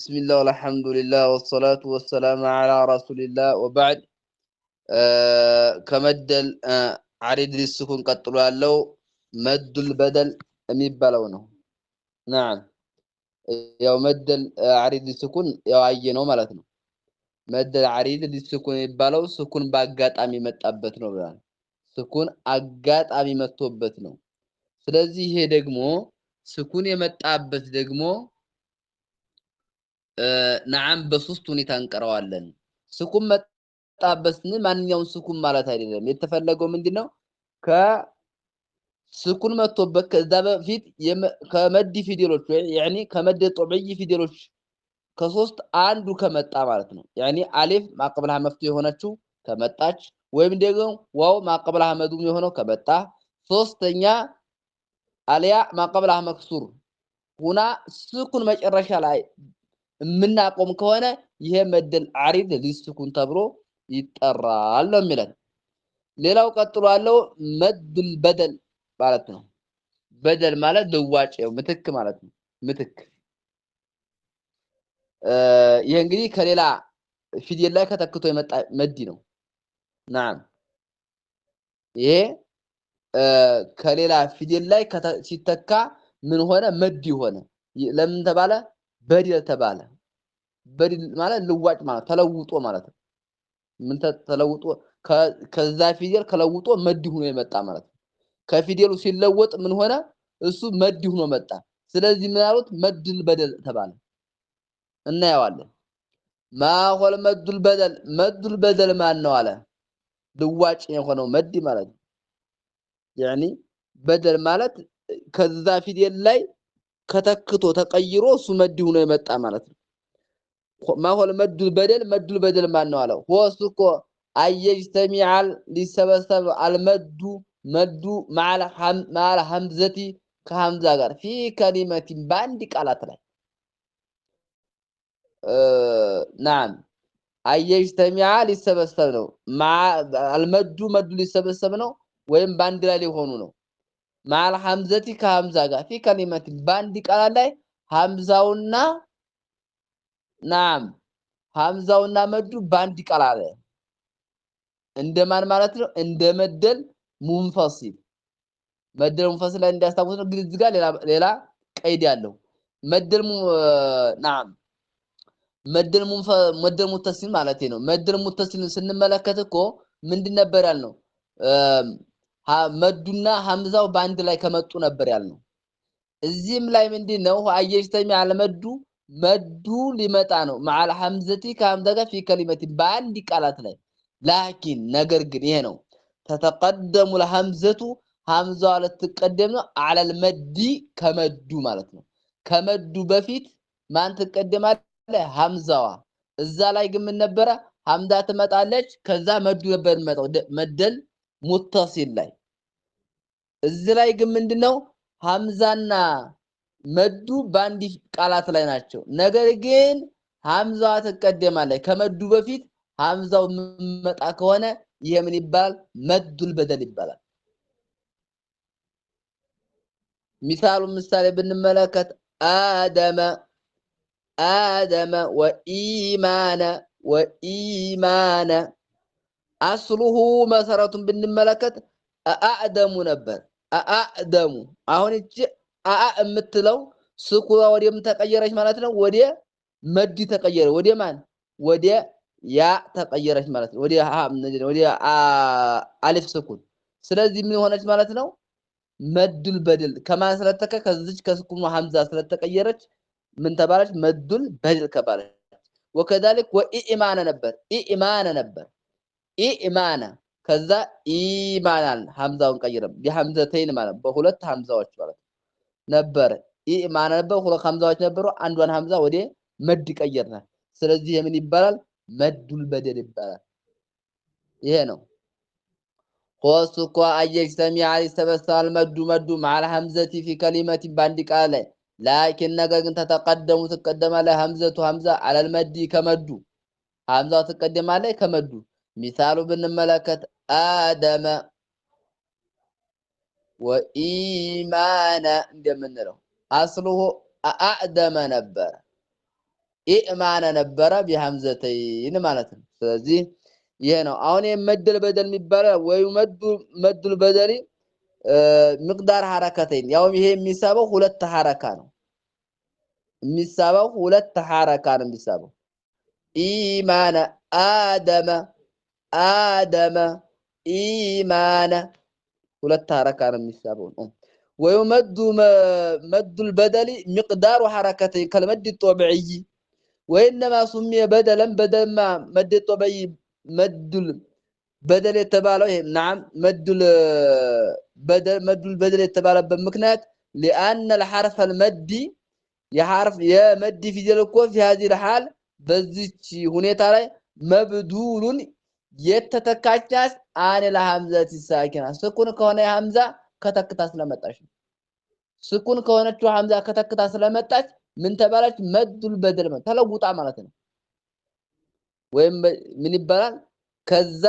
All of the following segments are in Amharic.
بسم الله والحمد لله والصلاة والسلام على رسول الله وبعد ከመደል አሪድ ሊስኩን ቀጥሎ ያለው መዱል በደል የሚባለው ነው። ናም ያው መደል አሪድ ሊስኩን ያው አየ ነው ማለት ነው። መደል አሪድ ሊስኩን የሚባለው ስኩን በአጋጣሚ መጣበት ነው ብሏል። ስኩን አጋጣሚ መጥቶበት ነው። ስለዚህ ይሄ ደግሞ ስኩን የመጣበት ደግሞ ነዓም በሶስት ሁኔታ እንቀረዋለን። ስኩም መጣበት ስንል ማንኛውም ስኩም ማለት አይደለም። የተፈለገው ምንድን ነው? ከስኩን መጥቶበት ከዛ በፊት ከመዲ ፊደሎች ወይ ከመድ ጦበይ ፊደሎች ከሶስት አንዱ ከመጣ ማለት ነው። ያኒ አሌፍ ማቀብላ መፍቱ የሆነችው ከመጣች ወይም ደግሞ ዋው ማቀብላ መዱም የሆነው ከመጣ ሶስተኛ አልያ ማቀብላ መክሱር ሁና ስኩን መጨረሻ ላይ የምናቆም ከሆነ ይሄ መደል አሪድ ሊስኩን ተብሎ ይጠራል ነው የሚለን። ሌላው ቀጥሎ ያለው መድል በደል ማለት ነው። በደል ማለት ልዋጭ ምትክ ማለት ነው። ምትክ ይሄ እንግዲህ ከሌላ ፊደል ላይ ከተክቶ የመጣ መዲ ነው። ናም ይሄ ከሌላ ፊደል ላይ ሲተካ ምን ሆነ? መዲ ሆነ። ለምን ተባለ? በድል ተባለ። በድል ማለት ልዋጭ ማለት ተለውጦ ማለት ነው። ምን ተለውጦ? ከዛ ፊደል ከለውጦ መድ ሆኖ የመጣ ማለት ነው። ከፊደሉ ሲለወጥ ምን ሆነ? እሱ መድ ሆኖ መጣ። ስለዚህ ምን አሉት? መድል በደል ተባለ። እናየዋለን። ማሆል መዱል በደል መድል በደል ማን ነው አለ። ልዋጭ የሆነው መድ ማለት ነው። ያኒ በደል ማለት ከዛ ፊደል ላይ ከተክቶ ተቀይሮ እሱ መድ ሆኖ የመጣ ማለት ነው። ማሆል መዱል በደል መዱል በደል ማን ነው አለው። ወሱ እኮ አየጅተሚዓል ሊሰበሰብ አልመዱ መዱ ማዓል ሐምዘቲ ከሐምዛ ጋር ፊ ከሊመቲን በአንድ ቃላት ላይ ናም አየጅተሚዓ ሊሰበሰብ ነው። አልመዱ መዱ ሊሰበሰብ ነው ወይም በአንድ ላይ ሊሆኑ ነው። ማል ሐምዘቲ ከሐምዛ ጋር ፊ ከሊመቲ በአንድ ቃላት ላይ ሐምዛውና ናም ሐምዛውና መዱ በአንድ ቃላት ላይ እንደማን ማለት ነው? እንደ መደል ሙንፈሲል መደል ሙንፈሲል ላይ እንዲያስታውስ ነው። ግን እዚህ ጋር ሌላ ሌላ ቀይድ ያለው መደል ናም መደል ሙንፈ መደል ሙተሲል ማለት ነው። መደል ሙተሲልን ስንመለከት እኮ ምንድን ነበር ያልነው? መዱና ሀምዛው በአንድ ላይ ከመጡ ነበር ያልነው። እዚህም ላይ ምንድን ነው አየጅተሚ አለመዱ መዱ ሊመጣ ነው መዓል ሀምዘቲ ከሀምዛ ጋር ፊ ከሊመቲ በአንድ ቃላት ላይ ላኪን ነገር ግን ይሄ ነው ተተቀደሙ ለሀምዘቱ ሀምዛዋ ልትቀደም ነው አለል መዲ ከመዱ ማለት ነው። ከመዱ በፊት ማን ትቀደማለ? ሀምዛዋ እዛ ላይ ግን ምን ነበረ? ሀምዛ ትመጣለች። ከዛ መዱ ነበር የሚመጣው መደል ሙተሲል ላይ እዚህ ላይ ግን ምንድነው ሀምዛና መዱ በአንድ ቃላት ላይ ናቸው። ነገር ግን ሀምዛዋ ትቀደማለች። ከመዱ በፊት ሀምዛው መጣ ከሆነ ይሄ ምን ይባላል? መዱል በደል ይባላል። ሚሳሉ ምሳሌ ብንመለከት አደመ አደመ ወኢማነ ወኢማነ አስሉሁ መሰረቱን ብንመለከት አዕደሙ ነበር። አዕደሙ አሁን እቺ አአ የምትለው ስኩሯ ወደ ምን ተቀየረች ማለት ነው? ወደ መዲ ተቀየረ። ወደ ማን? ወደ ያ ተቀየረች ማለት ነው። ወደ ወደ አሊፍ ስኩን። ስለዚህ ምን ሆነች ማለት ነው? መዱል በድል ከማን ስለተከ ከዚች ከስኩኑ ሀምዛ ስለተቀየረች ምን ተባለች? መዱል በድል ከባለች። ወከዛሊክ ወኢማነ ነበር ኢማነ ነበር ኢማነ ከዛ ኢማናን ሐምዛውን ቀይረም ቢሐምዘተይን ማለት በሁለት ሐምዛዎች ማለት ነበር። ኢማና ነበር ሁለት ሐምዛዎች ነበሩ። አንዷን ሐምዛ ወደ መድ ቀየርና፣ ስለዚህ የምን ይባላል? መዱል በደል ይባላል። ይሄ ነው ኮሱ እኮ አየጅ ሰሚያ ይሰበሰባል። መዱ መዱ መዓል ሐምዘቲ ፊ ከሊመቲ በአንድ ቃል ላይ ላኪን ነገር ግን ተተቀደሙ ትቀደማለች ሐምዘቱ ሐምዛ አለል መዲ ከመዱ ሐምዛው ትቀደማለች ከመዱ ሚሳሉ ብንመለከት አደመ ወኢማነ እንደምንለው አስልሁ አዕደመ ነበረ፣ ኢማነ ነበረ ቢሀምዘተይን ማለት ነው። ስለዚህ ይሄ ነው። አሁን የመደል በደል የሚባለው ወይ መዱል በደል ምቅዳር ሐረከተይን ያውም ይሄ የሚሳበው ሁለት ሐረካ ነው የሚሳበው ሁለት ሐረካ ነው የሚሳበው ኢማነ አደመ አደመ ኢማነ ሁለት ሐረካ ነው የሚሳበው። ወዩመዱ መዱል በደሊ ሚቅዳሩ ሐረከተይ ከልመድ ጦብዕይ ወይነማ ሱሚየ በደለን በደማ መድ ጦበይ መዱል በደል የተባለው ይሄ ናም መዱል በደል የተባለበት ምክንያት ሊአነ ለሐርፈ ልመዲ የሐርፍ የመዲ ፊደል እኮ ፊ ሀዚህ ለሐል በዚች ሁኔታ ላይ መብዱሉን የት ተተካቻት? አን ለሐምዘት ሳኪና ስኩን ከሆነ ሐምዛ ከተክታ ስለመጣች ነው። ስኩን ከሆነችው ሐምዛ ከተክታ ስለመጣች ምን ተባለች? መዱል በደል ተለውጣ ማለት ነው። ወይም ምን ይባላል? ከዛ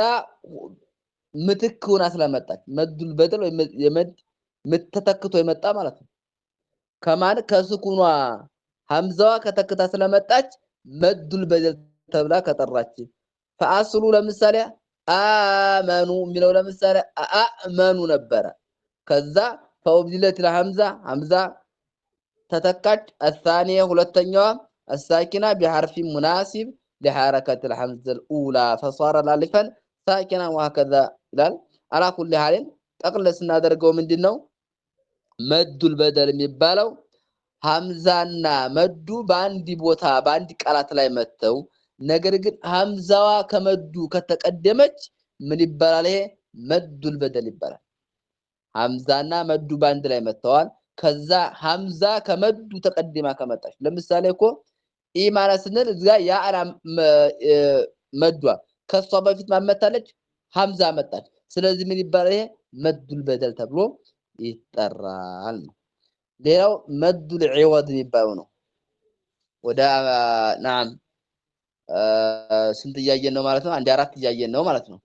ምትክ ሆና ስለመጣች መዱል በደል ወይም የመድ ተተክቶ የመጣ ማለት ነው። ከማን ከስኩኗ ሐምዛዋ ከተክታ ስለመጣች መዱል በደል ተብላ ከጠራች ፈአስሉ ለምሳሌ አመኑ የሚለው ለምሳሌ አመኑ ነበረ። ከዛ ፈውብድለት ለሐምዛ ሐምዛ ተተካች። አሳኒየ ሁለተኛዋ አሳኪና ቢሐርፊ ሙናሲብ لحركة الحمزة الأولى فصار الألفا ساكنا وهكذا ይላል على كل حال ጠቅለ ስናደርገው ምንድን ነው መዱል በደል የሚባለው ሐምዛና መዱ በአንድ ቦታ በአንድ ቃላት ላይ ነገር ግን ሀምዛዋ ከመዱ ከተቀደመች ምን ይባላል? ይሄ መዱል በደል ይባላል። ሀምዛና መዱ ባንድ ላይ መጥተዋል። ከዛ ሀምዛ ከመዱ ተቀድማ ከመጣች ለምሳሌ እኮ ኢ ማለት ስንል እዚያ የአራ መዷ ከሷ በፊት ማመታለች ሀምዛ መጣች። ስለዚህ ምን ይባላል? ይሄ መዱል በደል ተብሎ ይጠራል ነው። ሌላው መዱል ዒወድ የሚባለው ነው ወደ ናም ስንት እያየን ነው ማለት ነው? አንድ አራት እያየን ነው ማለት ነው።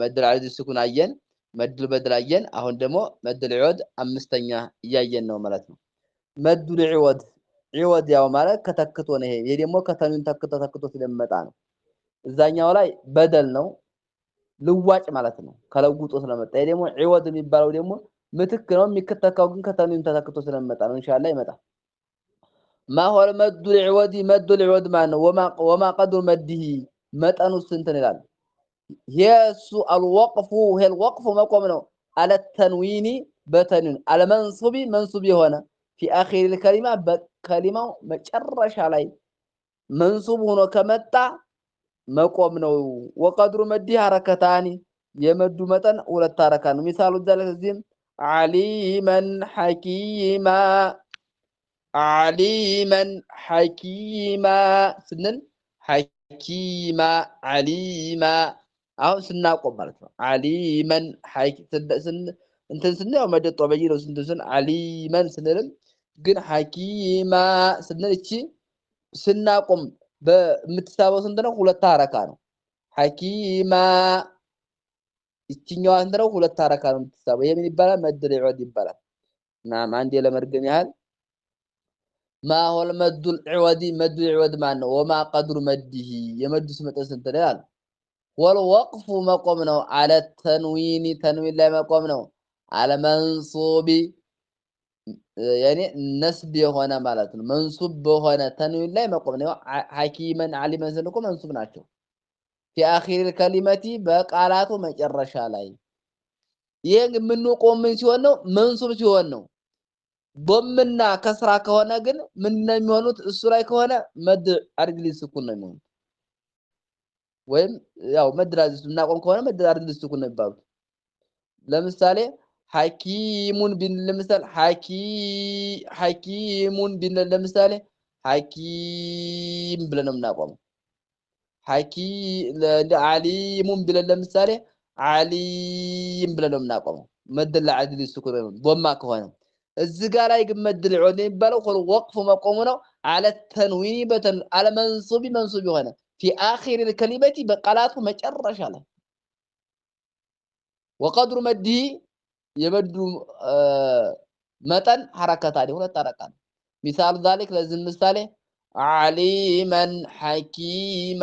መድል አለዚ ስኩን አየን፣ መድል በድል አየን። አሁን ደግሞ መድል ዕወድ አምስተኛ እያየን ነው ማለት ነው። መድል ዕወድ ዕወድ ያው ማለት ከተክቶ ነው። ይሄ ደግሞ ከተኑን ተክቶ ተክቶ ስለመጣ ነው። እዛኛው ላይ በደል ነው ልዋጭ ማለት ነው፣ ከለውጦ ስለመጣ። ይሄ ደግሞ ዕወድ የሚባለው ደግሞ ምትክ ነው። የሚከተከው ግን ከተኑን ተተክቶ ስለመጣ ነው። ኢንሻአላህ ይመጣል። ማ ሆል መዱ ልዕወዲ መዱ ልዕወድ ማለት ነው። ወማ ቀድሩ መድሂ መጠኑ ስንትን ይላል። የሱ አልወቅፉ ይሄ አልወቅፉ መቆም ነው። አለ በተንዊን አለ መንሱብ የሆነ ፊ አኺሪል ከሊማ በከሊማው መጨረሻ ላይ መንሱብ ሆኖ ከመጣ መቆም ነው። ወቀድሩ መድሂ ሐረከታኒ የመዱ መጠን ሁለት ሐረካ ነው። ሚሳሉ ዛለ እዚህም ዓሊመን ሐኪማ አሊመን ሐኪማ ስንል ሐኪማ ዓሊማ አሁን ስናቆም ማለት ነው። ዓሊመን እንትን ስንል ያው መደጦ በይ ነው። ስንትን ስን ዓሊመን ስንልም ግን ሐኪማ ስንል እቺ ስናቆም በምትሳበው ስንት ነው? ሁለት አረካ ነው። ሐኪማ ይችኛዋ ስንት ነው? ሁለት አረካ ነው የምትሳበው። ይሄ ምን ይባላል? መድር ይባላል። ናም አንዴ ለመድገም ያህል ማሆል መዱል ዒወዲ መዱል ዒወድ ማን ነው? ወማ ቀድሩ መድሂ የመዱ መጠን ስንት ነው አሉ። ወልወቅፉ መቆም ነው። አለ ተንዊኒ ተንዊን ላይ መቆም ነው። አለ መንሱቢ ያኔ ነስብ የሆነ ማለት ነው። መንሱብ በሆነ ተንዊን ላይ መቆም ነው። ሐኪመን ዓሊመን ስንል እኮ መንሱብ ናቸው። ፊ አኺሪል ከሊመቲ በቃላቱ መጨረሻ ላይ ይሄ የምንቆም ምን ሲሆን ነው? መንሱብ ሲሆን ነው። ቦምና ከስራ ከሆነ ግን ምን ነው የሚሆኑት? እሱ ላይ ከሆነ መድ አድርግሊ ስኩን ነው የሚሆኑት። ወይም ያው መድራዝ እናቆም ከሆነ መድ አድርግሊ ስኩን ነው የሚባሉት። ለምሳሌ ሐኪሙን ቢን ለምሳሌ ሐኪ ሐኪሙን ቢን ለምሳሌ ሐኪም ብለን ነው የምናቆመው። ሐኪ ለዓሊሙን ብለን ለምሳሌ ዓሊም ብለን ነው የምናቆመው። መድ ለአድሊ ስኩን ነው ቦማ ከሆነ እዚህ ጋር ላይ ግን መድ ልዑድ የሚባለው ወቅፉ መቆሙ ነው። አለ ተንዊኒ በተን አለ መንሱቢ መንሱብ የሆነ ፊ አኺር ከሊመቲ በቃላቱ መጨረሻ ላይ ወቀድሩ መድሂ የመዱ መጠን ሐረከታ ሁለት ሐረካ ነው። ሚሳሉ ዛሊክ ለዚህ ምሳሌ ዓሊመን ሐኪማ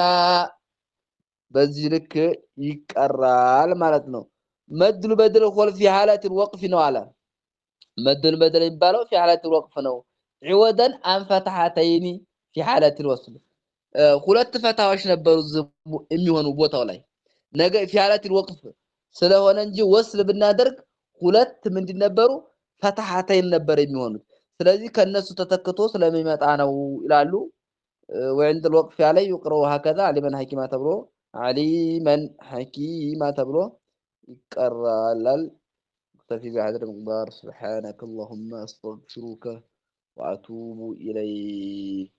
በዚህ ልክ ይቀራል ማለት ነው። መድሉ በድል ኮል ፊ ሐለትን ወቅፊ ነው አለ مد المدل يبالو في حالة الوقف نو عوضا عن فتحتين في حالة الوصل ሁለት ፈታዎች ነበሩ የሚሆኑ ቦታው ላይ ነገ في حالة الوقف ስለሆነ እንጂ ወስል ብናደርግ ሁለት ምንድን ነበሩ ፈታሐተይን ነበር የሚሆኑት ስለዚህ ከነሱ ተተክቶ ስለሚመጣ ነው ይላሉ وعند الوقف عليه يقرأ هكذا علما حكيما ተብሎ علما تبرو يقرأ ይቀራላል أكتفي بهذا المقدار سبحانك اللهم أستغفرك وأتوب إليك